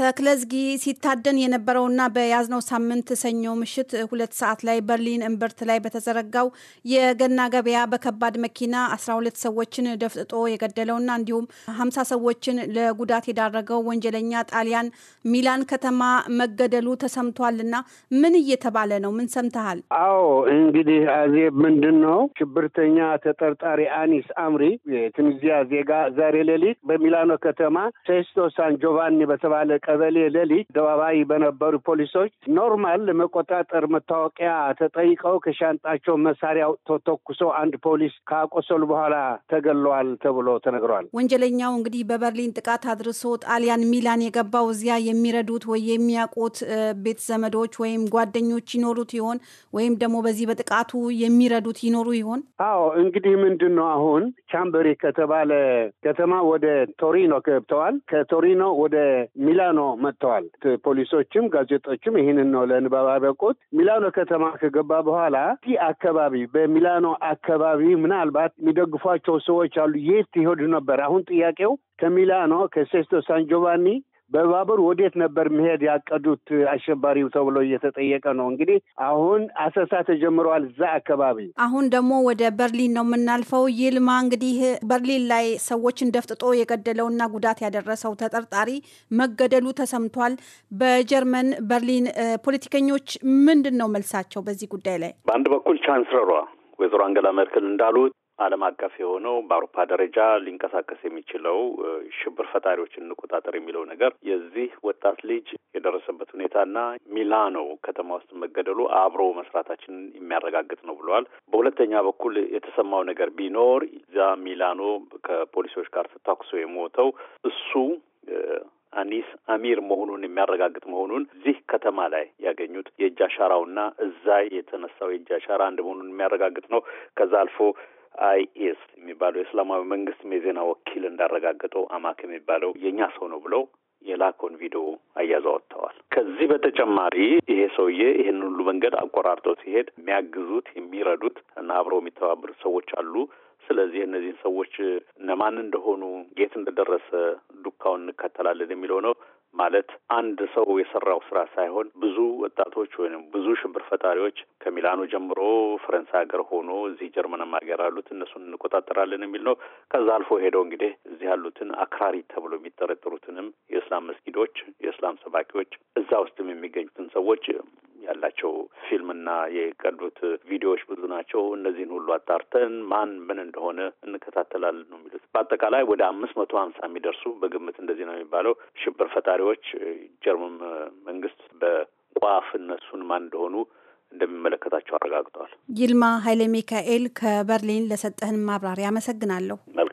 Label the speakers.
Speaker 1: ተክለዝጊ ሲታደን የነበረውና በያዝነው ሳምንት ሰኞ ምሽት ሁለት ሰዓት ላይ በርሊን እምብርት ላይ በተዘረጋው የገና ገበያ በከባድ መኪና 12 ሰዎችን ደፍጥጦ የገደለውና እንዲሁም 50 ሰዎችን ለጉዳት የዳረገው ወንጀለኛ ጣሊያን ሚላን ከተማ መገደሉ ተሰምቷልና ምን እየተባለ ነው? ምን ሰምተሃል?
Speaker 2: አዎ እንግዲህ አዜብ፣ ምንድን ነው ሽብርተኛ ተጠርጣሪ አኒስ አምሪ የቱኒዚያ ዜጋ ዛሬ ሌሊት በሚላኖ ከተማ ሴስቶ ሳን ጆቫኒ በተባለ ቀበሌ ሌሊት ደባባይ በነበሩ ፖሊሶች ኖርማል ለመቆጣጠር መታወቂያ ተጠይቀው ከሻንጣቸው መሳሪያ አውጥተው ተኩሰው አንድ ፖሊስ ካቆሰሉ በኋላ ተገለዋል ተብሎ ተነግሯል።
Speaker 1: ወንጀለኛው እንግዲህ በበርሊን ጥቃት አድርሶ ጣሊያን ሚላን የገባው እዚያ የሚረዱት ወይ የሚያውቁት ቤት ዘመዶች ወይም ጓደኞች ይኖሩት ይሆን? ወይም ደግሞ በዚህ በጥቃቱ የሚረዱት ይኖሩ ይሆን?
Speaker 2: አዎ እንግዲህ ምንድን ነው አሁን ቻምበሪ ከተባለ ከተማ ወደ ቶሪኖ ገብተዋል። ከቶሪኖ ወደ ሚላን ሚላኖ መጥተዋል። ፖሊሶችም ጋዜጦችም ይህንን ነው ለንባብ ያበቁት። ሚላኖ ከተማ ከገባ በኋላ እዚህ አካባቢ በሚላኖ አካባቢ ምናልባት የሚደግፏቸው ሰዎች አሉ። የት ይሄዱ ነበር? አሁን ጥያቄው ከሚላኖ ከሴስቶ ሳንጆቫኒ በባቡር ወዴት ነበር መሄድ ያቀዱት አሸባሪው ተብሎ እየተጠየቀ ነው። እንግዲህ አሁን አሰሳ ተጀምረዋል እዛ አካባቢ።
Speaker 1: አሁን ደግሞ ወደ በርሊን ነው የምናልፈው። ይልማ እንግዲህ በርሊን ላይ ሰዎችን ደፍጥጦ የገደለውና ጉዳት ያደረሰው ተጠርጣሪ መገደሉ ተሰምቷል። በጀርመን በርሊን ፖለቲከኞች ምንድን ነው መልሳቸው በዚህ ጉዳይ ላይ?
Speaker 3: በአንድ በኩል ቻንስለሯ ወይዘሮ አንገላ መርክል እንዳሉት ዓለም አቀፍ የሆነው በአውሮፓ ደረጃ ሊንቀሳቀስ የሚችለው ሽብር ፈጣሪዎችን እንቆጣጠር የሚለው ነገር የዚህ ወጣት ልጅ የደረሰበት ሁኔታና ሚላኖ ከተማ ውስጥ መገደሉ አብሮ መስራታችንን የሚያረጋግጥ ነው ብለዋል። በሁለተኛ በኩል የተሰማው ነገር ቢኖር እዛ ሚላኖ ከፖሊሶች ጋር ተታኩሶ የሞተው እሱ አኒስ አሚር መሆኑን የሚያረጋግጥ መሆኑን እዚህ ከተማ ላይ ያገኙት የእጅ አሻራውና እዛ የተነሳው የእጅ አሻራ አንድ መሆኑን የሚያረጋግጥ ነው። ከዛ አልፎ አይኤስ የሚባለው የእስላማዊ መንግስትም የዜና ወኪል እንዳረጋገጠው አማክ የሚባለው የእኛ ሰው ነው ብለው የላከውን ቪዲዮ አያይዘው ከዚህ በተጨማሪ ይሄ ሰውዬ ይህን ሁሉ መንገድ አቆራርጦ ሲሄድ የሚያግዙት የሚረዱት እና አብረው የሚተባበሩት ሰዎች አሉ። ስለዚህ እነዚህን ሰዎች እነማን እንደሆኑ የት እንደደረሰ ዱካውን እንከተላለን የሚለው ነው። ማለት አንድ ሰው የሰራው ስራ ሳይሆን ብዙ ወጣቶች ወይም ብዙ ሽብር ፈጣሪዎች ከሚላኖ ጀምሮ ፈረንሳይ ሀገር ሆኖ እዚህ ጀርመንም ሀገር አሉት እነሱን እንቆጣጠራለን የሚል ነው። ከዛ አልፎ ሄደው እንግዲህ እዚህ ያሉትን አክራሪ ተብሎ የሚጠረጠሩትንም የእስላም መስጊዶች፣ የእስላም ሰባኪዎች፣ እዛ ውስጥም የሚገኙትን ሰዎች ናቸው። ፊልምና የቀዱት ቪዲዮዎች ብዙ ናቸው። እነዚህን ሁሉ አጣርተን ማን ምን እንደሆነ እንከታተላለን ነው የሚሉት። በአጠቃላይ ወደ አምስት መቶ ሀምሳ የሚደርሱ በግምት እንደዚህ ነው የሚባለው ሽብር ፈጣሪዎች ጀርመን መንግስት በቋፍ እነሱን ማን እንደሆኑ እንደሚመለከታቸው አረጋግጠዋል።
Speaker 1: ይልማ ኃይለ ሚካኤል ከበርሊን ለሰጠህን ማብራሪያ አመሰግናለሁ።